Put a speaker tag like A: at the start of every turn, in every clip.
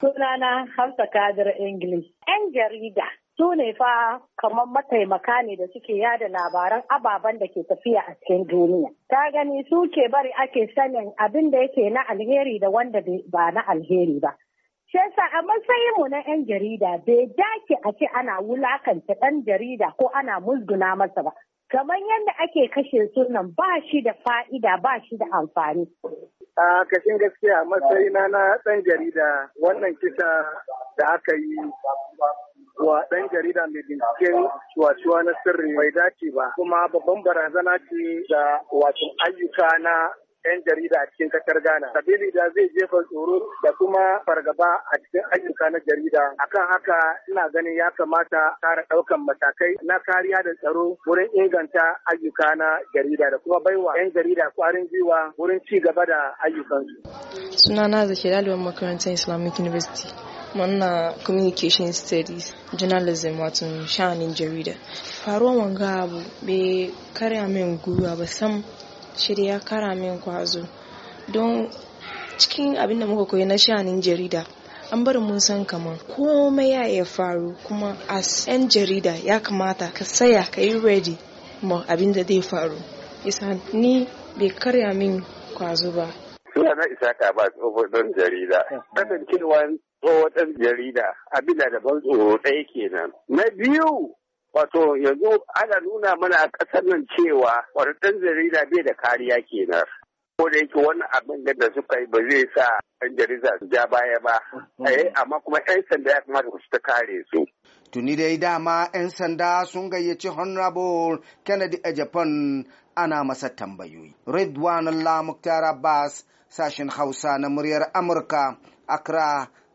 A: Sunana Hamsa Kadir English. 'Yan jarida su ne fa kamar mataimaka ne da suke yada labaran ababen da ke tafiya a cikin duniya. Ta gani su ke bari ake sanin abin da yake na alheri da wanda ba na alheri ba. Shi a matsayin mu na 'yan jarida bai dace a ce ana wulakanta ɗan jarida ko ana musguna masa ba. Kamar yadda ake kashe sunan ba shi da fa'ida ba shi da amfani.
B: A kashin gaskiya matsayi na ɗan jarida wannan kisa da aka yi wa ɗan jarida mai binciken shuwa na sirri bai dace ba kuma babban barazana ce da wato ayyuka na 'yan jarida a cikin kasar Ghana. Sabili da zai jefa tsoro da kuma fargaba a cikin ayyuka na jarida. Akan haka ina ganin ya kamata kara ɗaukan matakai na kariya da tsaro wurin inganta ayyuka na jarida da kuma baiwa 'yan jarida kwarin gwiwa wurin ci gaba da ayyukansu.
C: Sunana Zaki Dalibin Makarantar Islamic University. Manna communication studies journalism wato sha'anin jarida faruwan wanga abu bai karya min gwiwa ba sam shirya kara min kwazo don cikin abin da muka koyi na shanin jarida an bari mun san kaman komai ya iya faru kuma as 'yan jarida ya kamata ka saya ka yi ready ma abin da zai faru isa ni bai karya min kwazo ba
D: suna na isa ka ba tsohon jarida kasancewa tsohon jarida abin da ban tsoro ɗaya kenan na biyu Wato yanzu ana nuna mana a ƙasar nan cewa wani ɗan jarida bai da kariya kenan. Ko da yake wannan abin da suka yi ba zai sa ɗan jarida su ja baya ba. Mm-hmm. Eh, amma kuma 'yan sanda ya kamata su ta kare su.
E: Tuni dai dama 'yan sanda sun gayyaci Honorable Kennedy a Japan ana masa tambayoyi. Ridwan Allah Muktar Abbas sashen Hausa na muryar Amurka, Accra,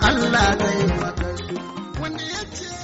F: Allah taimaka. yi ya ce